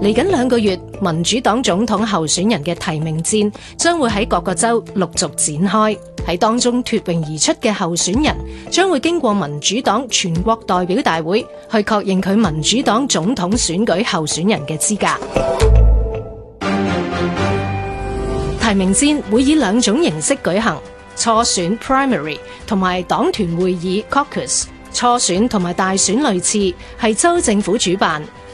嚟緊兩個月，民主黨總統候選人嘅提名戰將會喺各個州陸續展開。喺當中脫穎而出嘅候選人，將會經過民主黨全國代表大會去確認佢民主黨總統選舉候選人嘅資格。 提名戰會以兩種形式舉行：初選 （primary） 同埋黨團會議 c a u c u s 初選同埋大選類似，係州政府主辦。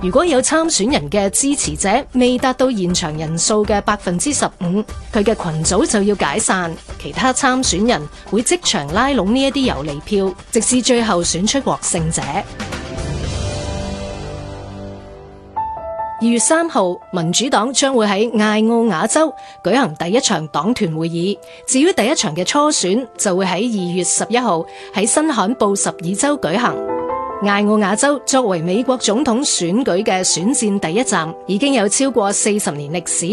如果有參選人嘅支持者未達到現場人數嘅百分之十五，佢嘅群組就要解散。其他參選人會即場拉攏呢一啲遊離票，直至最後選出獲勝者。二月三號，民主黨將會喺艾奧瓦州舉行第一場黨團會議。至於第一場嘅初選，就會喺二月十一號喺新罕布什爾州舉行。艾奧瓦州作為美國總統選舉嘅選戰第一站，已經有超過四十年歷史。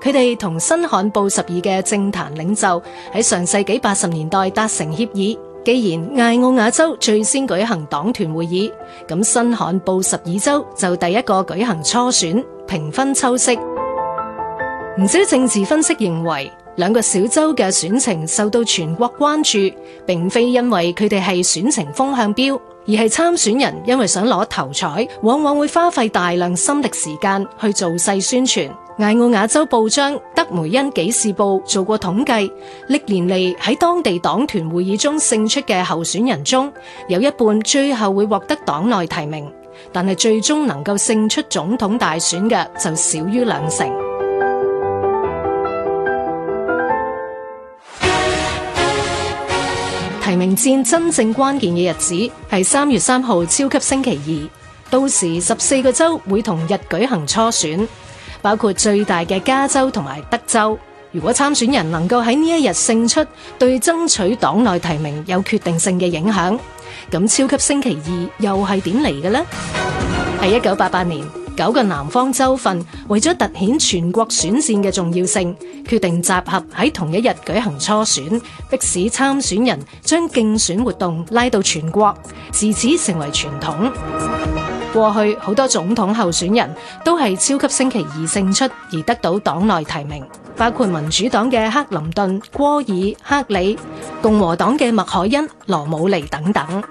佢哋同新罕布什爾嘅政壇領袖喺上世紀八十年代達成協議，既然艾奧瓦州最先舉行黨團會議，咁新罕布什爾州就第一個舉行初選，平分秋色。唔少政治分析認為，兩個小州嘅選情受到全國關注，並非因為佢哋係選情風向標。而係參選人因為想攞頭彩，往往會花費大量心力時間去做勢宣傳。艾奧亞州報章德梅恩紀事報做過統計，歷年嚟喺當地黨團會議中勝出嘅候選人中，有一半最後會獲得黨內提名，但係最終能夠勝出總統大選嘅就少於兩成。提名戰真正關鍵嘅日子係三月三號超級星期二，到時十四個州會同日舉行初選，包括最大嘅加州同埋德州。如果參選人能夠喺呢一日勝出，對爭取黨內提名有決定性嘅影響。咁超級星期二又係點嚟嘅呢？係一九八八年。九個南方州份為咗凸顯全國選戰嘅重要性，決定集合喺同一日舉行初選，迫使參選人將競選活動拉到全國，自此成為傳統。過去好多總統候選人都係超級星期二勝出而得到黨內提名，包括民主黨嘅克林頓、戈爾、克里，共和黨嘅麥凱恩、羅姆尼等等。